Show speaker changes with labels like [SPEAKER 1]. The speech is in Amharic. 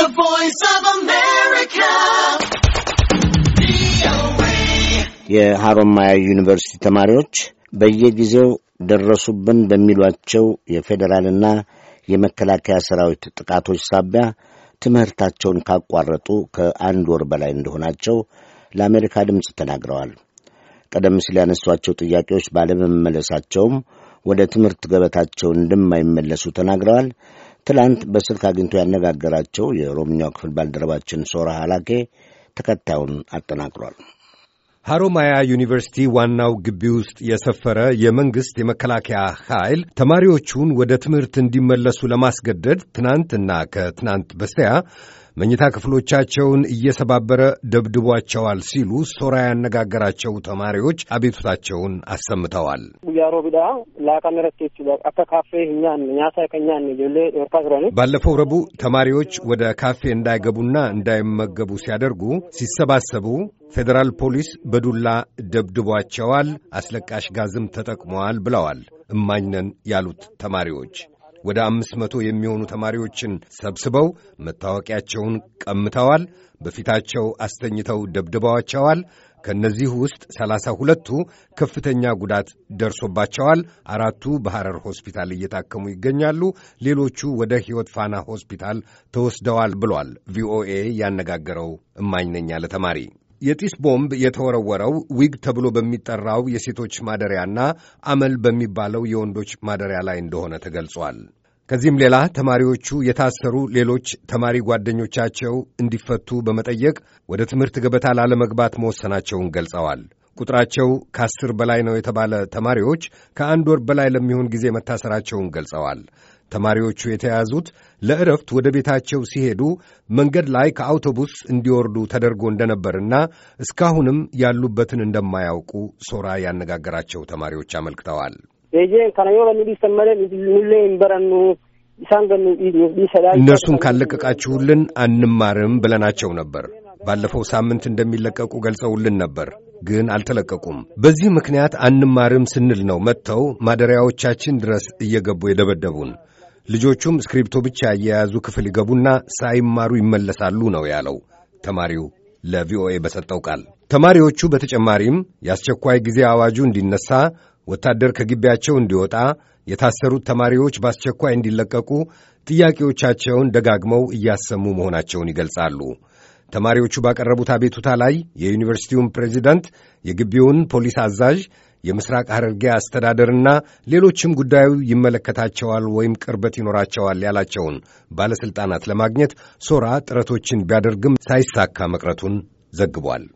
[SPEAKER 1] The Voice of America. የሀሮማያ ዩኒቨርሲቲ ተማሪዎች በየጊዜው ደረሱብን በሚሏቸው የፌዴራልና የመከላከያ ሰራዊት ጥቃቶች ሳቢያ ትምህርታቸውን ካቋረጡ ከአንድ ወር በላይ እንደሆናቸው ለአሜሪካ ድምፅ ተናግረዋል። ቀደም ሲል ያነሷቸው ጥያቄዎች ባለመመለሳቸውም ወደ ትምህርት ገበታቸው እንደማይመለሱ ተናግረዋል። ትላንት በስልክ አግኝቶ ያነጋገራቸው የኦሮምኛው ክፍል ባልደረባችን ሶራ ሀላኬ ተከታዩን አጠናቅሯል።
[SPEAKER 2] ሐሮማያ ዩኒቨርሲቲ ዋናው ግቢ ውስጥ የሰፈረ የመንግሥት የመከላከያ ኃይል ተማሪዎቹን ወደ ትምህርት እንዲመለሱ ለማስገደድ ትናንትና ከትናንት በስቲያ መኝታ ክፍሎቻቸውን እየሰባበረ ደብድቧቸዋል ሲሉ ሶራ ያነጋገራቸው ተማሪዎች አቤቱታቸውን አሰምተዋል። ባለፈው ረቡዕ ተማሪዎች ወደ ካፌ እንዳይገቡና እንዳይመገቡ ሲያደርጉ ሲሰባሰቡ ፌዴራል ፖሊስ በዱላ ደብድቧቸዋል፣ አስለቃሽ ጋዝም ተጠቅመዋል ብለዋል እማኝነን ያሉት ተማሪዎች ወደ አምስት መቶ የሚሆኑ ተማሪዎችን ሰብስበው መታወቂያቸውን ቀምተዋል፣ በፊታቸው አስተኝተው ደብድበዋቸዋል። ከእነዚህ ውስጥ ሰላሳ ሁለቱ ከፍተኛ ጉዳት ደርሶባቸዋል። አራቱ በሐረር ሆስፒታል እየታከሙ ይገኛሉ። ሌሎቹ ወደ ሕይወት ፋና ሆስፒታል ተወስደዋል ብሏል ቪኦኤ ያነጋገረው እማኝ ነኝ ያለ ተማሪ። የጢስ ቦምብ የተወረወረው ዊግ ተብሎ በሚጠራው የሴቶች ማደሪያና አመል በሚባለው የወንዶች ማደሪያ ላይ እንደሆነ ተገልጿል። ከዚህም ሌላ ተማሪዎቹ የታሰሩ ሌሎች ተማሪ ጓደኞቻቸው እንዲፈቱ በመጠየቅ ወደ ትምህርት ገበታ ላለመግባት መወሰናቸውን ገልጸዋል። ቁጥራቸው ከአስር በላይ ነው የተባለ ተማሪዎች ከአንድ ወር በላይ ለሚሆን ጊዜ መታሰራቸውን ገልጸዋል። ተማሪዎቹ የተያዙት ለእረፍት ወደ ቤታቸው ሲሄዱ መንገድ ላይ ከአውቶቡስ እንዲወርዱ ተደርጎ እንደነበርና እስካሁንም ያሉበትን እንደማያውቁ ሶራ ያነጋገራቸው ተማሪዎች አመልክተዋል። እነርሱን ካለቀቃችሁልን አንማርም ብለናቸው ነበር። ባለፈው ሳምንት እንደሚለቀቁ ገልጸውልን ነበር። ግን አልተለቀቁም። በዚህ ምክንያት አንማርም ስንል ነው መጥተው ማደሪያዎቻችን ድረስ እየገቡ የደበደቡን። ልጆቹም እስክሪብቶ ብቻ እየያዙ ክፍል ይገቡና ሳይማሩ ይመለሳሉ ነው ያለው ተማሪው ለቪኦኤ በሰጠው ቃል። ተማሪዎቹ በተጨማሪም የአስቸኳይ ጊዜ አዋጁ እንዲነሳ፣ ወታደር ከግቢያቸው እንዲወጣ፣ የታሰሩት ተማሪዎች በአስቸኳይ እንዲለቀቁ ጥያቄዎቻቸውን ደጋግመው እያሰሙ መሆናቸውን ይገልጻሉ። ተማሪዎቹ ባቀረቡት አቤቱታ ላይ የዩኒቨርሲቲውን ፕሬዚዳንት፣ የግቢውን ፖሊስ አዛዥ፣ የምስራቅ ሐረርጌ አስተዳደርና ሌሎችም ጉዳዩ ይመለከታቸዋል ወይም ቅርበት ይኖራቸዋል ያላቸውን ባለሥልጣናት ለማግኘት ሶራ ጥረቶችን ቢያደርግም ሳይሳካ መቅረቱን ዘግቧል።